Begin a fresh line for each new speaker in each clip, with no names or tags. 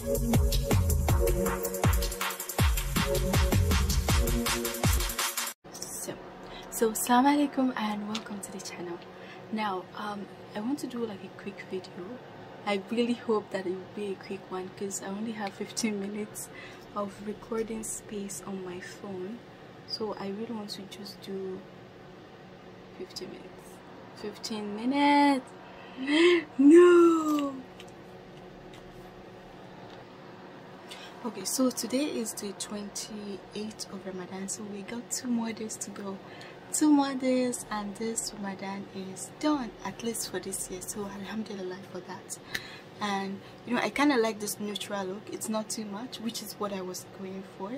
So, so assalamu alaikum and welcome to the channel. Now, um, I want to do like a quick video. I really hope that it will be a quick one because I only have 15 minutes of recording space on my phone. So I really want to just do 15 minutes. 15 minutes! no! okay so today is the 28th of ramadan so we got two more days to go two more days and this ramadan is done at least for this year so alhamdulillah for that and you know i kind of like this neutral look it's not too much which is what i was going for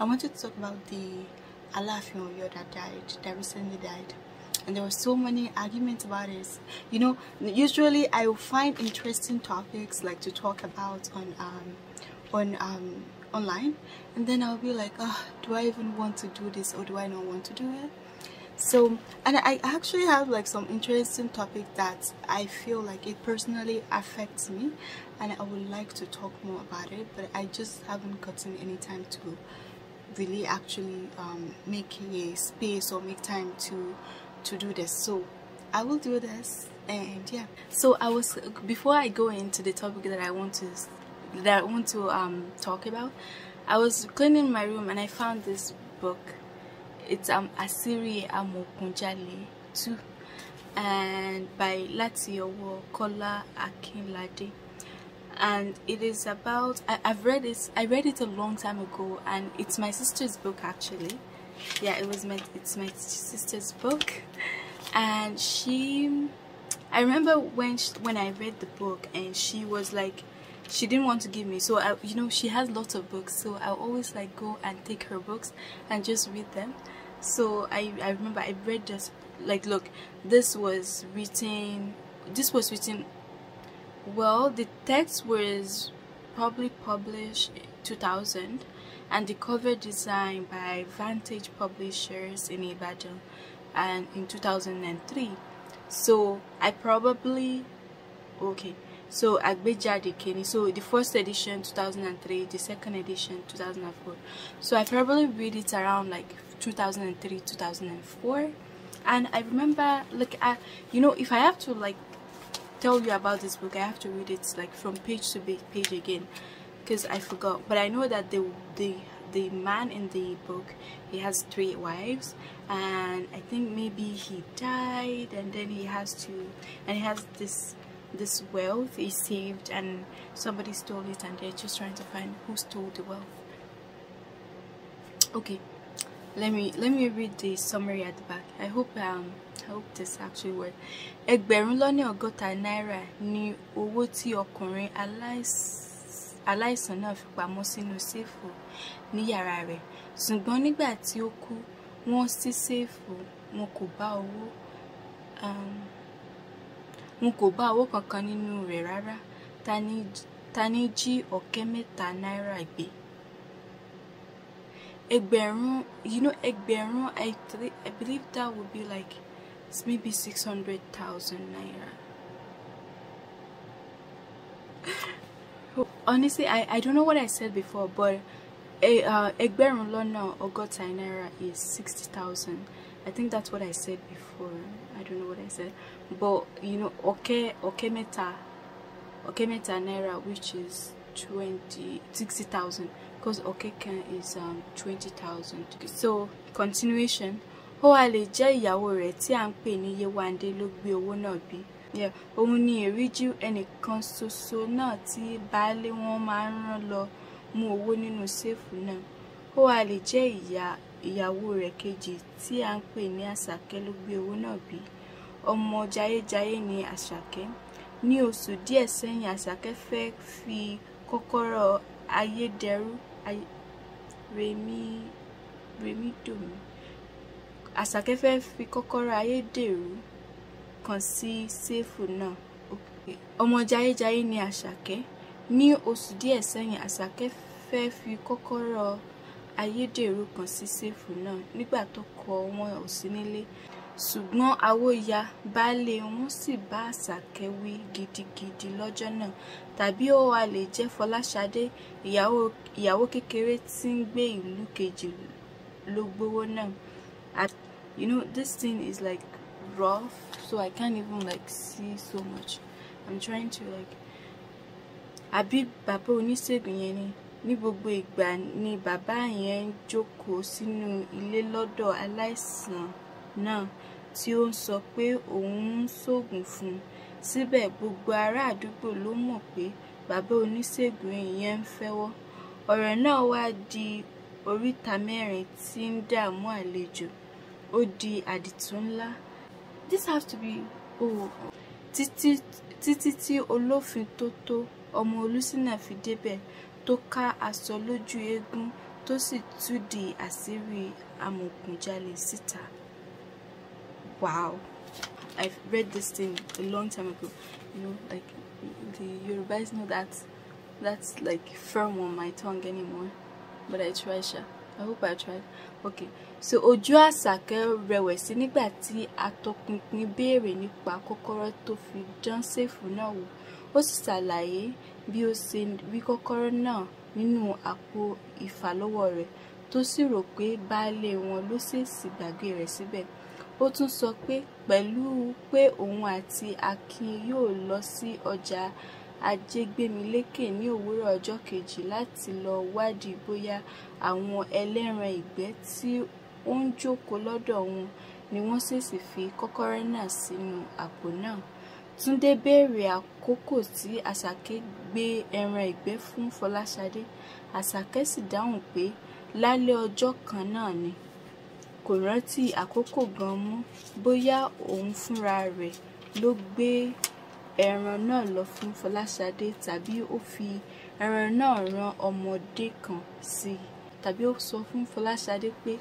i wanted to talk about the alafian Oyo that died that recently died and there were so many arguments about it you know usually i will find interesting topics like to talk about on um, on um, online and then I'll be like oh, do I even want to do this or do I not want to do it so and I actually have like some interesting topic that I feel like it personally affects me and I would like to talk more about it but I just haven't gotten any time to really actually um, make a space or make time to to do this so I will do this and yeah so I was before I go into the topic that I want to that I want to um, talk about. I was cleaning my room and I found this book. It's um, Asiri Amokunjale 2 and by Latiowo Kola Akinlade and it is about I, have read it I read it a long time ago and it's my sister's book actually yeah it was my it's my sister's book and she I remember when she, when I read the book and she was like she didn't want to give me so I, you know she has lots of books so I always like go and take her books and just read them so I, I remember I read just like look this was written this was written well the text was probably published 2000 and the cover design by Vantage Publishers in Ibadan and in 2003 so I probably okay so agbejade kini so the first edition 2003 the second edition 2004 so i probably read it around like 2003 2004 and i remember like i you know if i have to like tell you about this book i have to read it like from page to page again because i forgot but i know that the the the man in the book he has three wives and i think maybe he died and then he has to and he has this this wealth is saved and somebody stole it and they're just trying to find who stole the wealth okay let me let me read the summary at the back i hope um i hope this actually work ẹgbẹ̀rún lọ́nà ọgọ́ta náírà ni owó tí ọkùnrin aláìsàn náà fi pamọ́ sínú séèfù ní yàrá rẹ̀ ṣùgbọ́n nígbà tí ó kú wọ́n ṣí séèfù wọn kò bá owó um, n kò bá owó kankan nínú rẹ rárá ta ní jí ọkẹ mẹta náírà gbé ẹgbẹrún you know ẹgbẹrún I, i believe that would be like maybe six hundred thousand naira honestly i i don't know what i said before but eh, uh, ẹgbẹ̀rún lọ́nà ọgọ́ta naira is sixty thousand i think that's what i said before i don't know what i said but you know okay, ọ̀kẹ́ mẹ́ta ọ̀kẹ́ mẹ́ta náírà which is twenty sixty thousand because okay can is um, twenty thousand so continuation ó wá lè jẹ́ ìyàwó rẹ̀ tí à ń pè ní Yéwándé ló gbé owó náà bí òun ni èrìjú ẹnìkan ṣoṣo náà tí baálé wọn máa ń rán lọ mú owó nínú séèfù náà ó wá lè jẹ́ ìyàwó rẹ̀ kejì tí a ń pè ní Àṣàkẹ́ ló gbé owó náà bí ọmọ jayéjayé ni àṣàkẹ́ ní oṣù díẹ̀ sẹ́yìn àṣàkẹ́ fẹ́ fi kọ́kọ́rọ́ ayédèrú rèmídòmí àṣàkẹ́ fẹ́ fi kọ́kọ́rọ́ ayédèrú kan sí séèfù náà ọmọ jayéjayé ni àṣàkẹ́ ní oṣù díẹ̀ sẹ́yìn àṣàkẹ́ fẹ́ fi kọ́kọ́rọ́ ayédèrú kan sí séèfù náà nígbà tó kọ wọn ò sí nílé ṣùgbọ́n àwòyá baálé wọn sì bá àṣàkẹ́ wí gidigidi lọ́jọ́ náà tàbí ó wàá lè jẹ́ fọláṣadé ìyàwó kékeré tí ń gbé ìlú kejì ló gbowó náà at you know this thing is like rough so I can't even like see so much I'm trying to like àbí bàbá oníṣègùn yẹn ni ní gbogbo ìgbà ni bàbá yẹn jókòó sínú ilé lọ́dọ̀ aláìsàn náà tí ó ń sọ pé òun ń ṣoògùn fún un síbẹ̀ gbogbo ará àdúgbò ló mọ̀ pé bàbá oníṣègùn ìyẹn ń fẹ́wọ́ ọ̀rọ̀ náà wá di oríta mẹ́rin tí ń dààmú àlejò ó di àdìtú ńlá this has to be oh títí títí tí olófin tó tó ọmọ olùsínà fi débẹ̀ tó ká aṣọ lójú eégún tó sì tú di àṣírí amòòkùnjalè síta wow i've read this thing a long time ago you know like the yoruba is not that that's like firm on my tongue anymore but i try sha i hope i tried okay so ojú àṣàkẹ́ rẹ̀wẹ̀sì nígbà tí atọpinpin béèrè nípa kọ́kọ́rọ́ tó fi dán sèfù náà wò ó sì bi bí ó ṣe rí kọ́kọ́rọ́ náà nínú àpò ìfàlọ́wọ́ rẹ̀ tó sì rò pé baálé wọn ló ṣèèṣì gbàgbé rẹ̀ síbẹ̀. Si ó tún sọ pé pẹ̀lú pé òun àti akin yóò lọ sí ọjà ajégbèmílékè ní òwúrọ̀ ọjọ́ kejì láti lọ́ọ́ wádìí bóyá àwọn ẹlẹ́ran ìgbẹ́ tí ó ń jókòó lọ́dọ̀ wọn ni wọ́n ṣèṣì fi kọ́kọ́rọ́ náà sínú àpò náà túndé béèrè àkókò tí àṣàkẹ́ gbé ẹran ìgbẹ́ fún fọláṣadé àṣàkẹ́ sì dáhùn pé lálẹ́ ọjọ́ kan náà ni kò rántí àkókò gan-an mọ́ bóyá òun fúnra rẹ̀ ló gbé ẹran náà lọ fún Fọláṣadé tàbí ó fi ẹran náà ran ọmọdé kan sí i tàbí ó sọ fún Fọláṣadé pé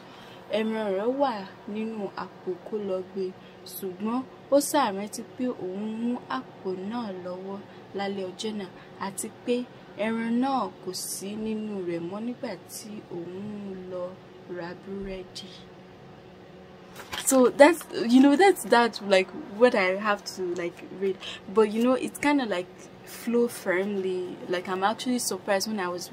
ẹran rẹ̀ wà nínú àpò kó lọ gbé e. ṣùgbọ́n ó ṣàrántí pé òun mú àpò náà lọ́wọ́ lálẹ́ ọjọ́ náà àti pé ẹran náà kò sí nínú rẹ̀ mọ́ nígbà tí òun lọ ra so that's you know that's that like what i have to like read but you know it's kind of like flow firmly like i'm actually surprised when i was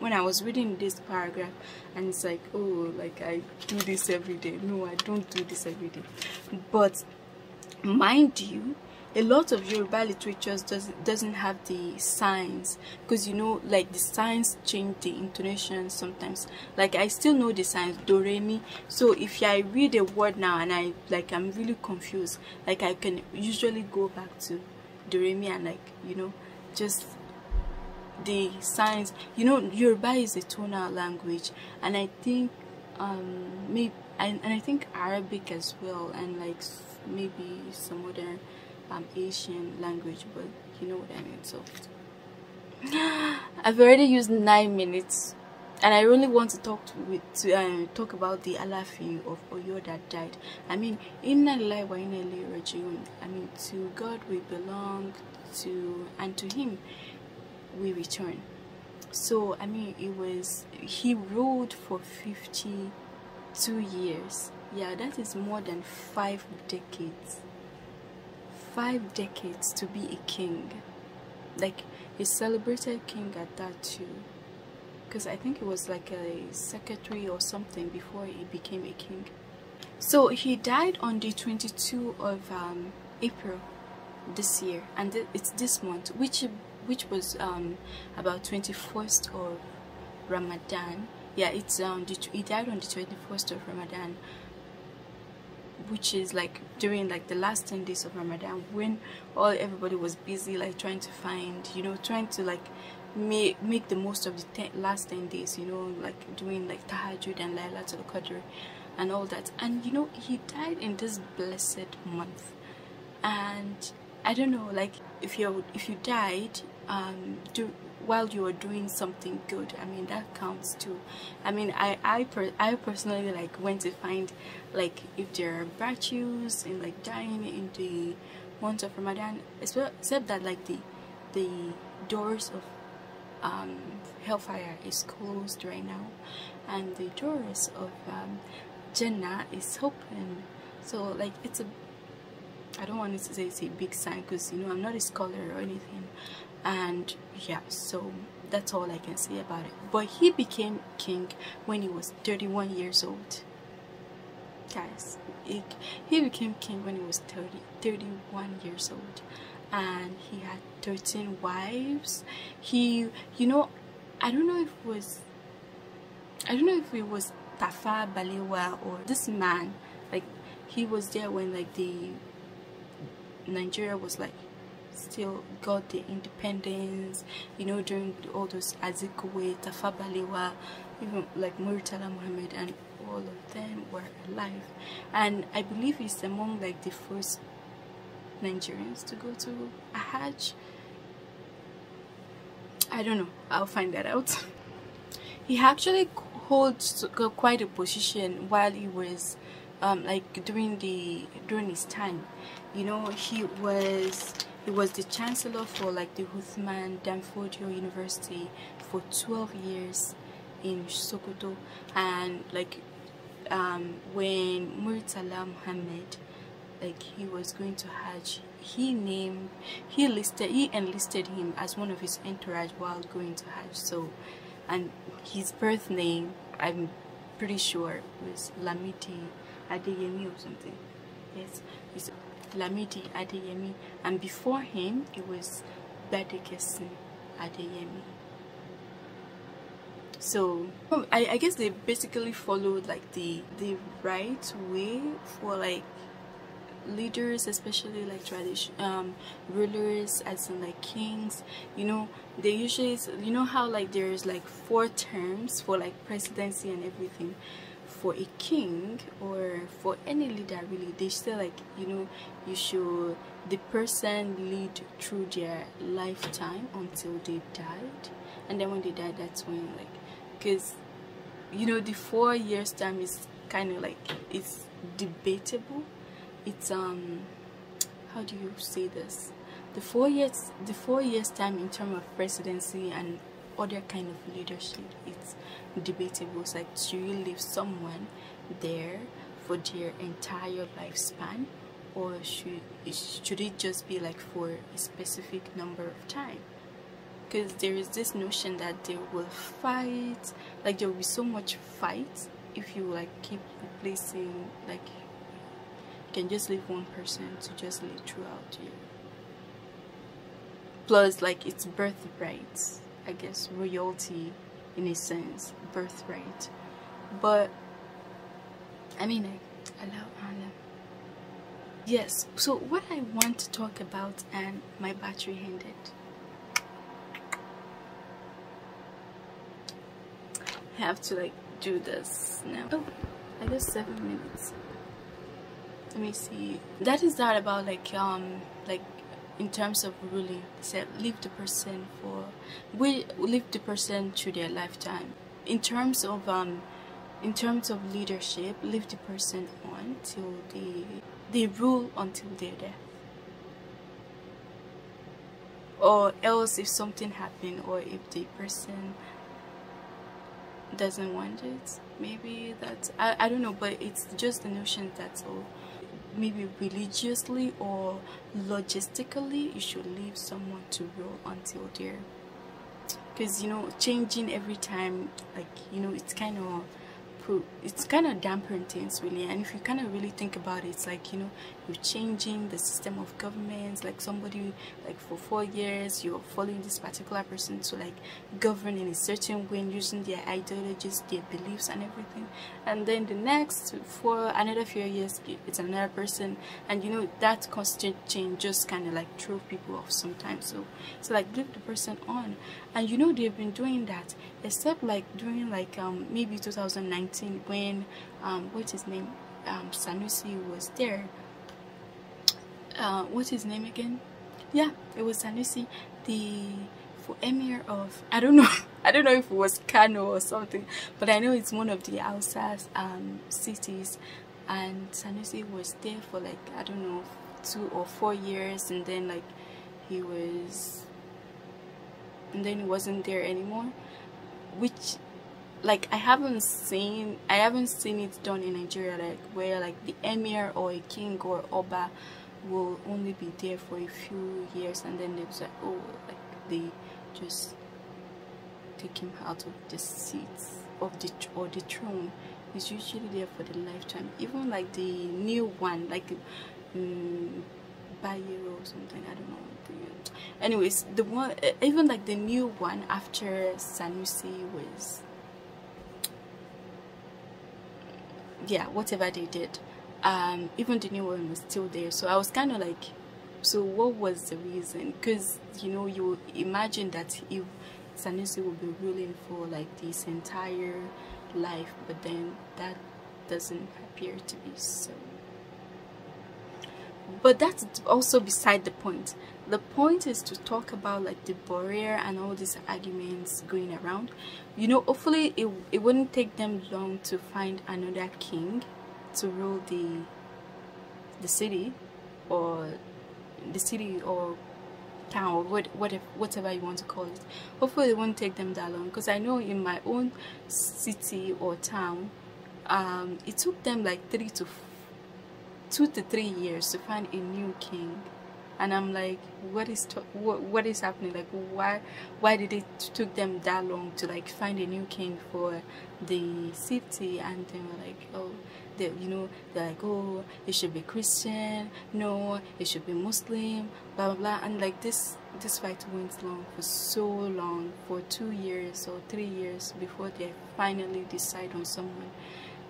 when I was reading this paragraph and it's like oh like I do this every day no I don't do this every day but mind you a lot of Yoruba literature does, doesn't have the signs because you know like the signs change the intonation sometimes like I still know the signs do re mi so if I read a word now and I like I'm really confused like I can usually go back to do re mi and like you know just the signs you know Yoruba is a tonal language and I think um maybe and, and I think Arabic as well and like maybe some other an Asian language, but you know what I mean. So I've already used nine minutes, and I only want to talk to, with, to uh, talk about the Alafi of Oyo that died. I mean, inna Inna wa Inna I mean, to God we belong, to and to Him we return. So I mean, it was he ruled for fifty-two years. Yeah, that is more than five decades five decades to be a king like a celebrated king at that too because i think he was like a secretary or something before he became a king so he died on the 22 of um, april this year and it's this month which which was um, about 21st of ramadan yeah it's um he died on the 21st of ramadan which is like during like the last 10 days of Ramadan when all everybody was busy like trying to find you know trying to like make make the most of the ten, last 10 days you know like doing like tahajjud and lailatul Qadr and all that and you know he died in this blessed month and I don't know like if you if you died um do while you are doing something good i mean that counts too i mean i i, per, I personally like went to find like if there are virtues in like dying in the month of ramadan except that like the the doors of um, hellfire is closed right now and the doors of um, jannah is open so like it's a I don't want to say it's a big sign because you know I'm not a scholar or anything and yeah so that's all I can say about it but he became king when he was 31 years old guys it, he became king when he was 30 31 years old and he had 13 wives he you know I don't know if it was I don't know if it was Tafa Balewa or this man like he was there when like the Nigeria was like still got the independence, you know, during all those Azikwe, Tafa even like Muritala Muhammad and all of them were alive. And I believe he's among like the first Nigerians to go to a Hajj. I don't know, I'll find that out. he actually holds quite a position while he was um, like during the during his time you know he was he was the chancellor for like the Huthman Damfodio University for 12 years in Sokoto and like um, when Muritala Muhammad like he was going to Hajj he named he listed he enlisted him as one of his entourage while going to Hajj so and his birth name I'm pretty sure was Lamiti Adeyemi or something yes Lamidi Adeyemi, and before him it was Badekesin Adeyemi. So um, I, I guess they basically followed like the the right way for like leaders especially like tradition um rulers as in like kings you know they usually you know how like there's like four terms for like presidency and everything for a king or for any leader really they say like you know you should the person lead through their lifetime until they died and then when they die that's when like because you know the four years time is kind of like it's debatable it's um how do you say this the four years the four years time in terms of presidency and other kind of leadership it's debatable so like do you leave someone there for their entire lifespan or should should it just be like for a specific number of time because there is this notion that they will fight like there will be so much fight if you like keep replacing like you can just leave one person to just lead throughout you plus like it's birthright I guess, royalty in a sense, birthright. But, I mean, I, I love Anna. Yes, so what I want to talk about, and my battery ended. I have to like do this now. Oh, I guess seven minutes. Let me see. That is not about like um like in terms of ruling. said leave the person for we leave the person to their lifetime. In terms of um, in terms of leadership, leave the person on till they they rule until their death. Or else, if something happened, or if the person doesn't want it, maybe that's I, I don't know. But it's just the notion that's all. Oh, maybe religiously or logistically you should leave someone to rule until there because you know changing every time like you know it's kind of it's kind of dampen things really and if you kind of really think about it it's like you know you're changing the system of governments like somebody like for four years you're following this particular person to like govern in a certain way using their ideologies their beliefs and everything and then the next for another few years it's another person and you know that constant change just kind of like throw people off sometimes so it's so, like leave the person on and you know they've been doing that except like during like um maybe 2019 when um, what's his name um, Sanusi was there uh, what's his name again yeah it was Sanusi the for emir of I don't know I don't know if it was Kano or something but I know it's one of the Alsace um, cities and Sanusi was there for like I don't know two or four years and then like he was and then he wasn't there anymore which like I haven't seen I haven't seen it done in Nigeria like where like the emir or a king or oba will only be there for a few years and then they like oh like they just take him out of the seats of the or the throne is usually there for the lifetime even like the new one like um, mm, Bayero or something I don't know anyways the one even like the new one after Sanusi was yeah whatever they did um, even the new one was still there so i was kind of like so what was the reason because you know you imagine that if sanusi will be ruling for like this entire life but then that doesn't appear to be so but that's also beside the point the point is to talk about like the barrier and all these arguments going around you know hopefully it, it wouldn't take them long to find another king to rule the the city or the city or town or what, whatever, whatever you want to call it hopefully it won't take them that long because i know in my own city or town um, it took them like three to two to three years to find a new king and I'm like what is what, what is happening like why why did it took them that long to like find a new king for the city and they were like oh they you know they're like oh it should be Christian no it should be Muslim blah blah blah and like this this fight went long for so long for two years or three years before they finally decide on someone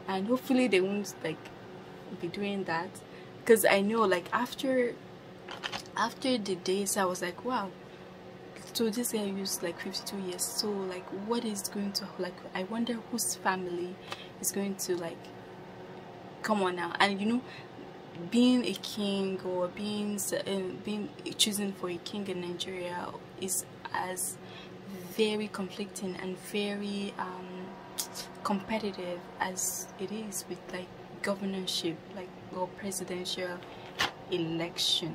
and hopefully they won't like be doing that because I know like after after the days I was like wow so this guy used like 52 years so like what is going to like I wonder whose family is going to like come on now and you know being a king or being uh, being chosen for a king in Nigeria is as very conflicting and very um, competitive as it is with like governorship like or presidential election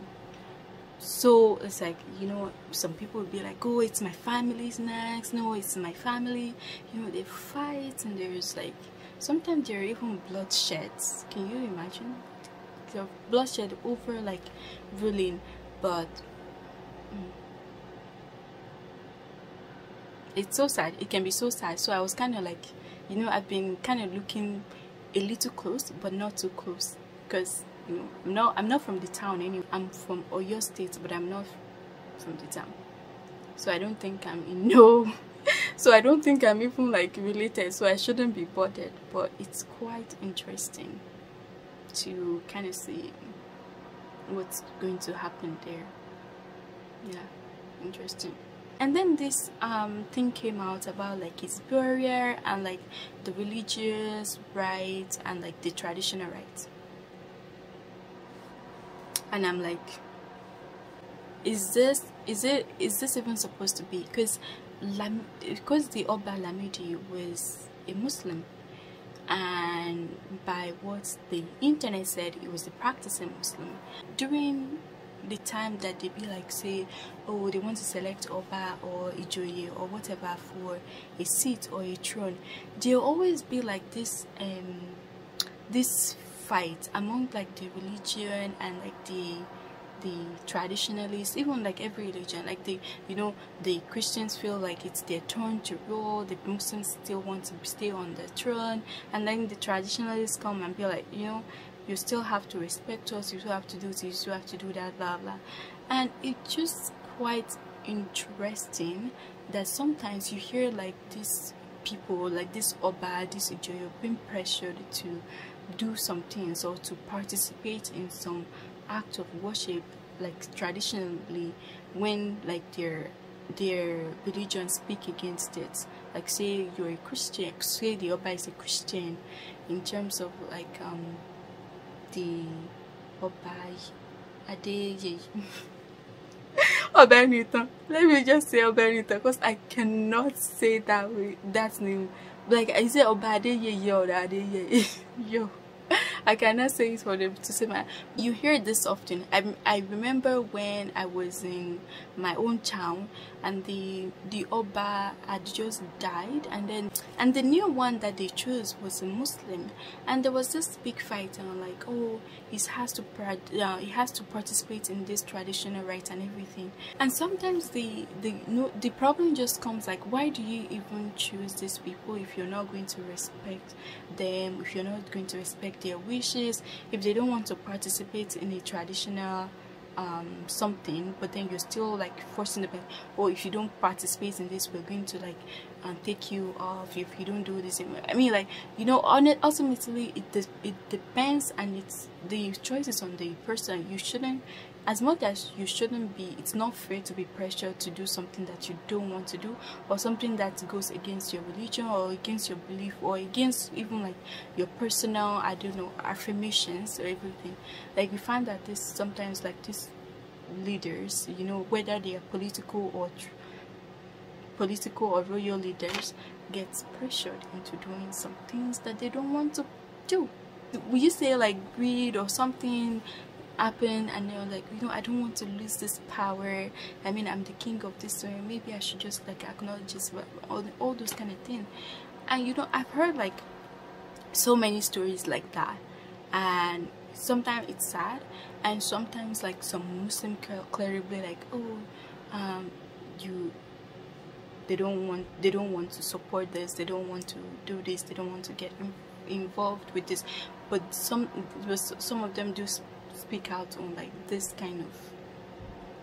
so it's like you know some people would be like oh it's my family's next no it's my family you know they fight and there's like sometimes there are even bloodsheds can you imagine the bloodshed over like ruling but mm, it's so sad it can be so sad so i was kind of like you know i've been kind of looking a little close but not too close because you know I'm not, I'm not from the town anyway I'm from Oyo state but I'm not from the town so I don't think I'm in no so I don't think I'm even like related so I shouldn't be bothered but it's quite interesting to kind of see what's going to happen there yeah interesting and then this um, thing came out about like his burial and like the religious rites and like the traditional rites and I'm like is this is it is this even supposed to be because because the Oba Lamidi was a Muslim and by what the internet said he was a practicing Muslim during the time that they be like say oh they want to select oba or ijoye or whatever for a seat or a throne there'll always be like this um this fight among like the religion and like the the traditionalists even like every religion like the you know the christians feel like it's their turn to rule the muslims still want to stay on the throne and then the traditionalists come and be like you know you still have to respect us you still have to do this you still have to do that blah blah and it's just quite interesting that sometimes you hear like these people like this oba this ijoyo being pressured to do some things or to participate in some act of worship like traditionally when like their their religion speak against it like say you're a christian say the oba is a christian in terms of like um di ọba Adéyẹyè. Obenitan. Let me just say Obenitan because I cannot say that way that name. Like I say Oba Adeyeye or Adeyeye Yo. I cannot say it for them to say my. You hear this often. I, I remember when I was in my own town and the the Oba had just died, and then and the new one that they chose was a Muslim, and there was this big fight, and I'm like, oh, he has to uh, he has to participate in this traditional rites and everything. And sometimes the the no, the problem just comes like, why do you even choose these people if you're not going to respect them, if you're not going to respect their wishes, if they don't want to participate in a traditional um, something, but then you're still like forcing them, or oh, if you don't participate in this, we're going to like um, take you off if you don't do this. I mean, like, you know, on it, ultimately, it, de it depends and it's the choice is on the person. You shouldn't as much as you shouldn't be it's not fair to be pressured to do something that you don't want to do or something that goes against your religion or against your belief or against even like your personal i don't know affirmations or everything like we find that this sometimes like these leaders you know whether they are political or political or royal leaders gets pressured into doing some things that they don't want to do Will you say like greed or something Happen, and you're like you know i don't want to lose this power i mean i'm the king of this story maybe i should just like acknowledge this all, all those kind of things and you know i've heard like so many stories like that and sometimes it's sad and sometimes like some muslim clearly be like oh um you they don't want they don't want to support this they don't want to do this they don't want to get involved with this but some some of them do speak out on like this kind of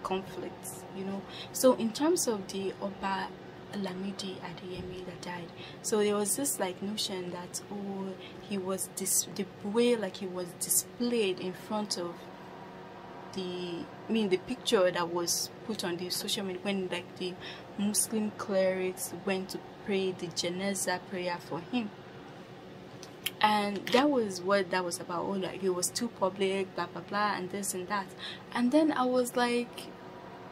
conflicts you know so in terms of the Oba Lamidi Adeyemi that died so there was this like notion that oh he was this the way like he was displayed in front of the I mean the picture that was put on the social media when like the Muslim clerics went to pray the janaza prayer for him and that was what that was about oh like it was too public blah blah blah and this and that and then i was like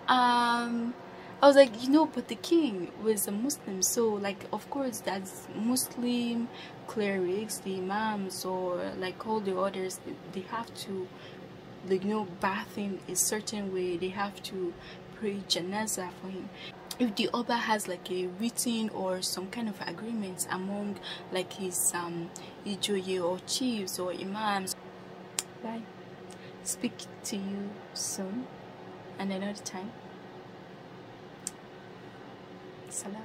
um i was like you know but the king was a muslim so like of course that's muslim clerics the imams or like all the others they have to like, you know bath him a certain way they have to pray janaza for him if the other has like a written or some kind of agreement among like his um ijoye or chiefs or imams bye speak to you soon and another time salam